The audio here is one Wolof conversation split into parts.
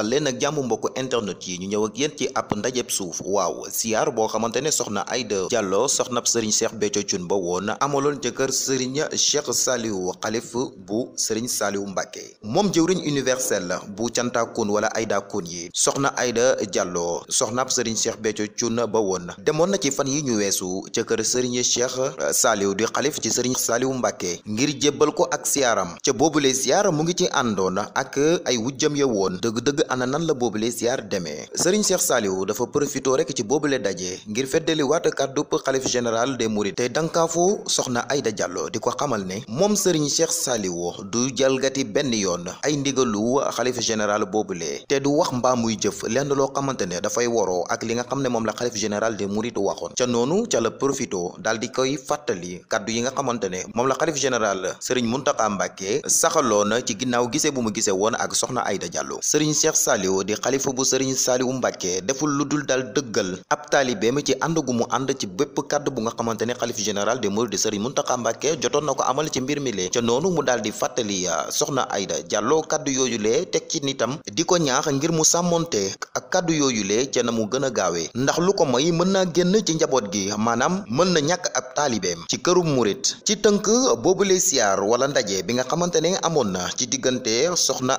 dal leen ak jàmm mbokk internet yi ñu ñëw ak yéen ci ab ndajeb suuf waaw siyaar boo xamante ne soxna Aida Diallo soxnab sëriñ Cheikh Béthio Thioune ba woon amaloon ca kër sëriñ Cheikh Saliou xalif bu sëriñ Saliou Mbàkke moom jëwriñ universel bu cantaakun wala aydakun yi soxna Aida Diallo soxnab sëriñ Cheikh Béthio Thioune ba woon demoon na ci fan yi ñu weesu ca kër sëriñ Cheikh Saliou di xalif ci sëriñ Saliou Mbàkke ngir jébbal ko ak siyaaram ca boobule siyaar mu ngi ci àndoon ak ay wujjam ya woon dëgg-dëgg ana nan la boobule ziar demee sëriñ Cheikh Saliou dafa profito rek ci boobu lee dajee ngir feddali waat kàddub xalif général des mourides te dankaafoo soxna Aïda Diallo di ko xamal ne moom sëriñ Cheikh Saliou du jalgati benn yoon ay ndigalu xalif général boobule te du wax mbaa muy jëf lenn loo xamante ne dafay woroo ak li nga xam ne moom la xalif général des mourides waxoon ca noonu ca la profito dal di koy fàttali kàddu yi nga xamante ne moom la xalif général sëriñ Mountakha Mbacké saxaloon ci ginnaaw gisee bu mu gisee woon ak soxna Aïda Diallo sëriñ Cheikh Saliou di xalifa bu sëriñ Saliou Mbàkke deful lu dul daal dëggal ab taalibeem ci ànd gu mu ànd ci bépp kàddu bu nga xamante ne xalif général des mourides di sëriñ Muntaxa Mbàkke jotoon na ko amal ci mbir mi lee ca noonu mu daal di fàttali ah, soxna Ayda Jàlloo kàddu yooyu lee teg ci nitam di ko ñaax ngir mu sàmmonte ak kàddu yooyu lee ca na mu gën a gaawee ndax lu ko may mën naa génn ci njaboot gi maanaam mën na ñakk ab taalibeem ci këru murit ci tënk boobule siyaar wala ndaje bi nga xamante ne amoon na ci diggante soxna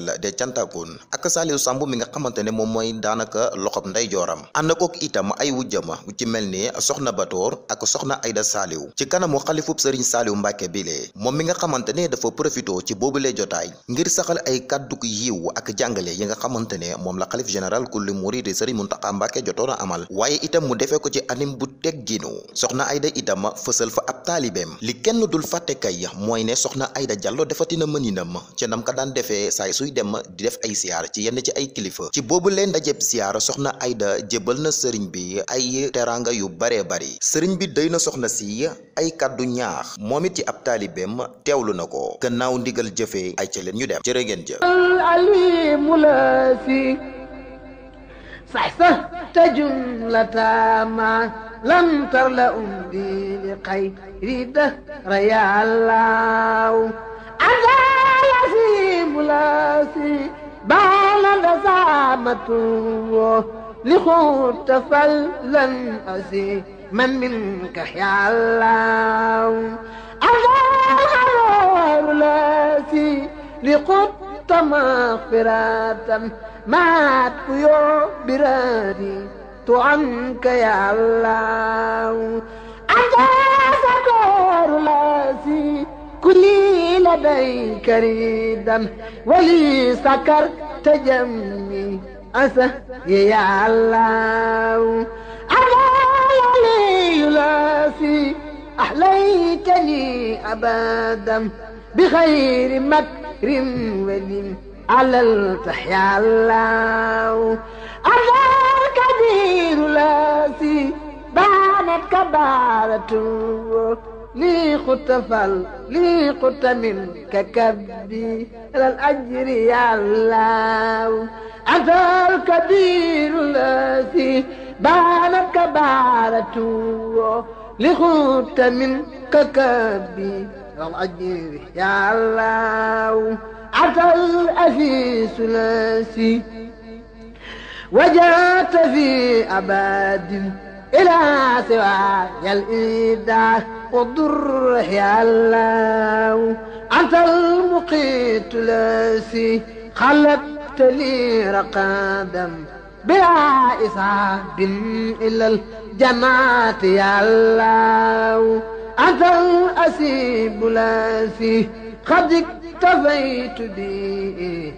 Diourbel de Thiantakoune ak Saliou Samb mi nga xamante ne moom mooy daanaka loxob ndeyjooram ànd kook itam ay wujjama wu ci mel ni soxna Batoor ak soxna Ayda Saliou ci kanamu xalifub Serigne Saliou Mbacke bile moom mi nga xamante ne dafa profité ci boobule jotaay ngir saxal ay kàdduk yiw ak jàngale yi nga xamante ne moom la xalif général kulli murid Serigne Mountakha Mbacke jotoon a amal waaye itam mu defee ko ci anim bu tegginu soxna Ayda itam fësal fa ab taalibeem li kenn dul fàtte kay mooy ne soxna Ayda Diallo defati na mëninam ca nam ka daan defee saay suy dem di def ay ziyaara ci yenn ci ay kilifa ci boobu leen dajeb ziyaara soxna Ayda jébal na sëriñ bi ay teranga yu baree bari sëriñ bi day na soxna si ay kàddu ñaax moomit ci ab taalibeem teewlu na ko gannaaw ndigal jëfee ay ca leen ñu dem jërë ngeen jëf البلاسي بان نزامته لخوت فلن أسي من منك يا الله الله بلاسي لقد مغفرة مات يا برادي تعنك يا الله أنت سكر لاسي كلي لديك ريدا ولي سكرت جمي أسه يا الله علي يلاسي أحليتني أبدا بخير مكر ودين على التحيا الله أرضاك دير لاسي بانت كبارته لي خطفل لي خط من ككبي على الأجر يا الله أنت الكبير الذي بانت كبارته لخط من ككبي على الأجر يا الله أنت الأسيس الذي وجدت في أباد إلى سوى الإيداع والضر يا الله أنت المقيت لاسي خلقت لي رقادا بلا إصاب إلى الجنات يا الله أنت الأسيب لاسي قد اكتفيت بي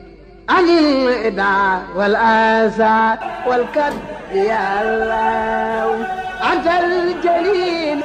عن الإدعاء والآسى والكد يا الله أنت الجليل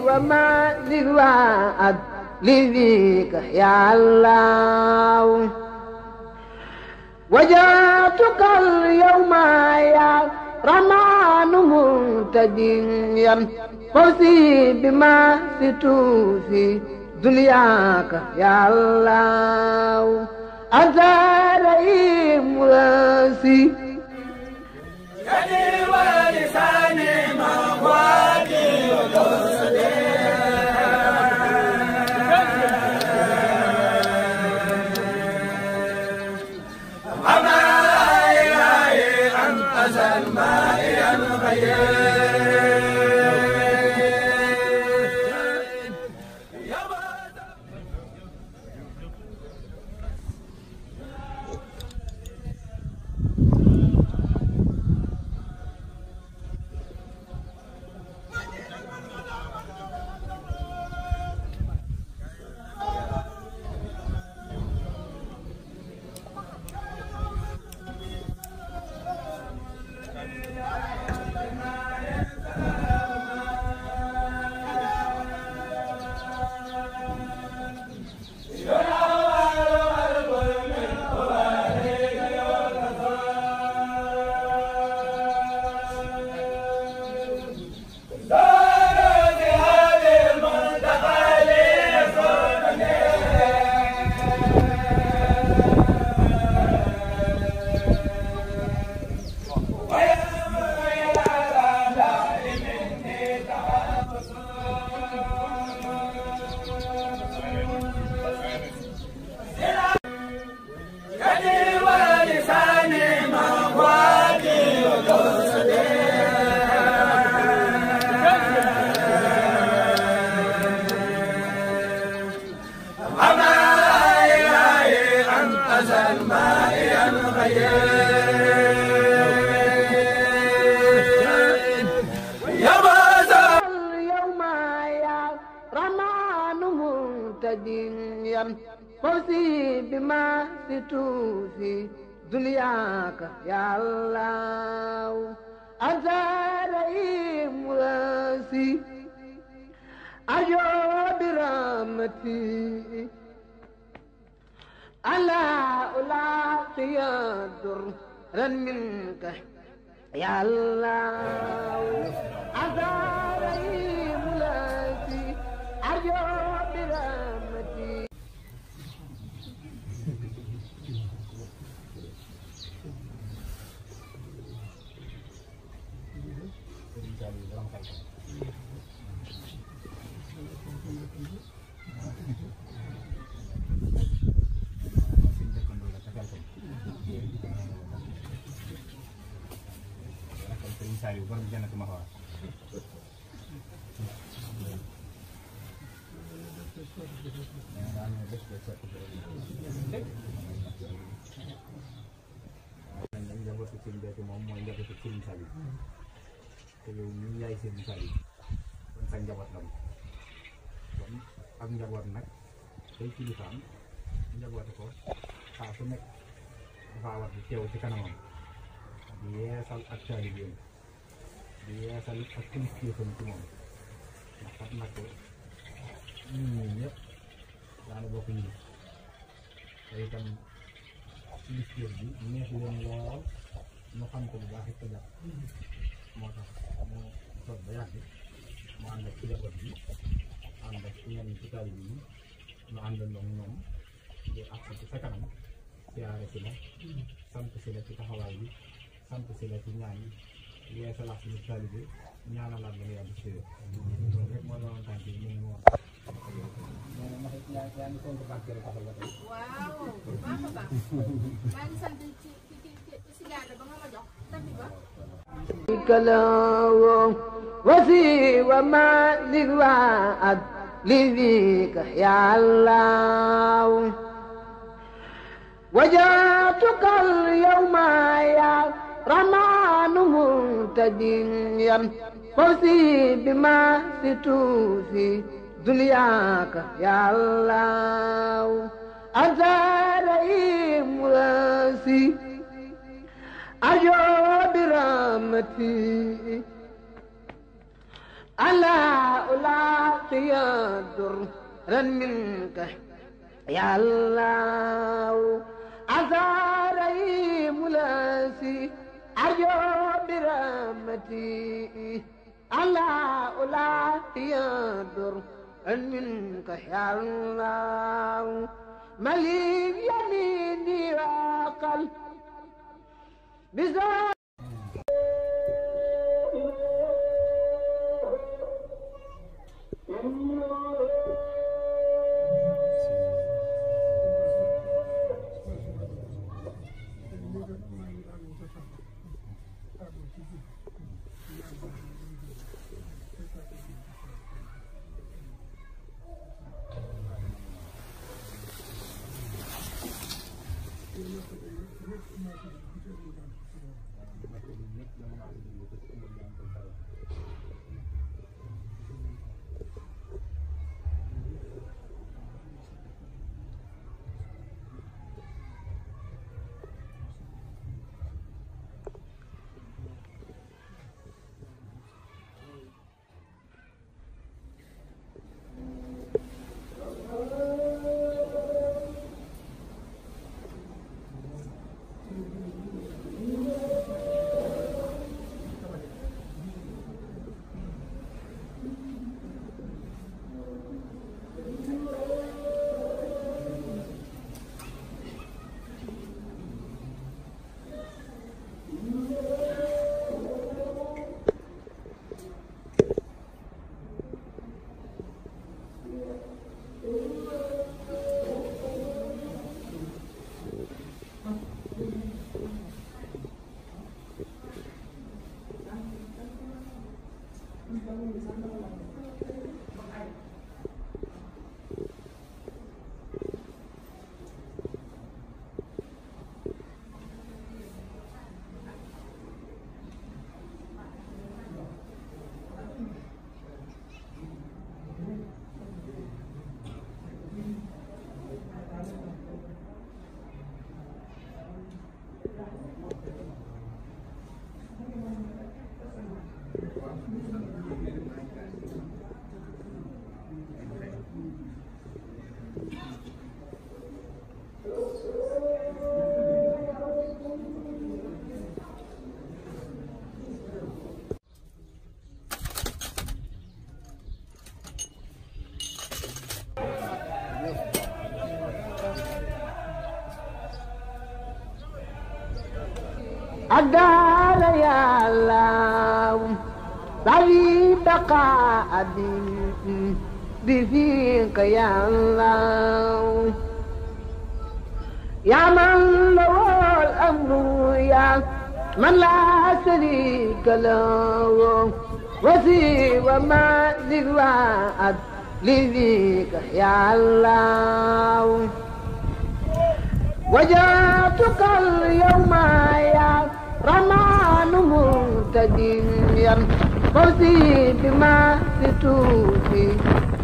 وما للوعد لذيك يا الله وجاتك اليوم يا رمان منتديا فوزي بما ستوفي دنياك يا الله أنت رئيم راسي يدي ولساني تفسدوا في دنياك يا الله أنت رئيم واسي أجو برحمتي ألا ألاقي درا منك يا الله أنت رئيم واسي أجو برحمتي Sëriñ Saliou borom jannatu ma xawar nag njabootu Sëriñ Béthio moom mooy njabootu Sëriñ Saliou te yow ñu yaay Sëriñ Saliou kon sa njaboot la kon ak njaboot nag day kilifaam njaboote ko saa su nekk dafa war di teew ci kanamam di yeesal ak taalibeem di yeesal ak kilifteefam ci moom ndax kat nag ñun ñii ñëpp daana bokk ñu te itam kilifteef bi neex leen lool ñu xam ko bu baax it ko jàpp moo tax mu toog ba yàgg mu ànd ak ci jaboot bi ànd ak ñenn ci taalib yi ñu àndandoo ñoom di àq ci sa kanam siyaare si la mm-hmm. sant si la ci taxawaay bi sant si la ci ñaan yi yeesalaat ñu taalibe ñaanalaat a taxaw ba tey waaw baax a رمان مهتديا فوزي بما ستوفي دنياك يا الله أنت رئيم راسي أرجو برحمتي ألا ألاقي درا منك يا الله أنت رئيم راسي أجو برحمتي على أولا يدر أن منك يا الله مليك يميني وقل بزاد الله دعي بقاء بفيك يا الله يا من له الأمر يا من لا شريك له وسيب ما للوعد لذيك يا الله وجاتك اليوم يا رمان مهتديا فوزي بما ستوفي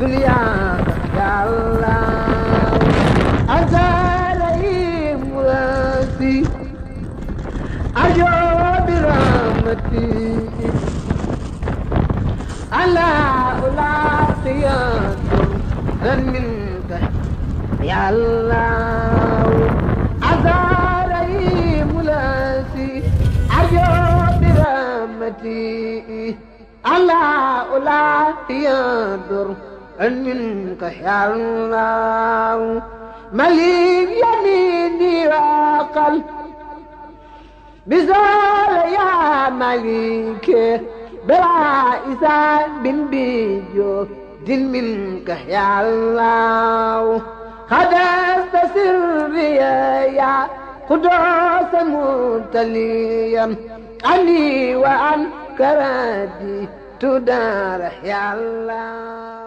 دنياك يا الله أنت رحيم راسي أرجو برحمتك على أولاقياكم لن منك يا الله أنت رحيم راسي أرجو برحمتك على أولى يدر أن منك يا الله مليم يميني وقل بزول يا مليك بلا إسان بن بيجو دين منك يا الله خدست سري يا قدوس متليا عني وأنت karaadi tudaara yàlla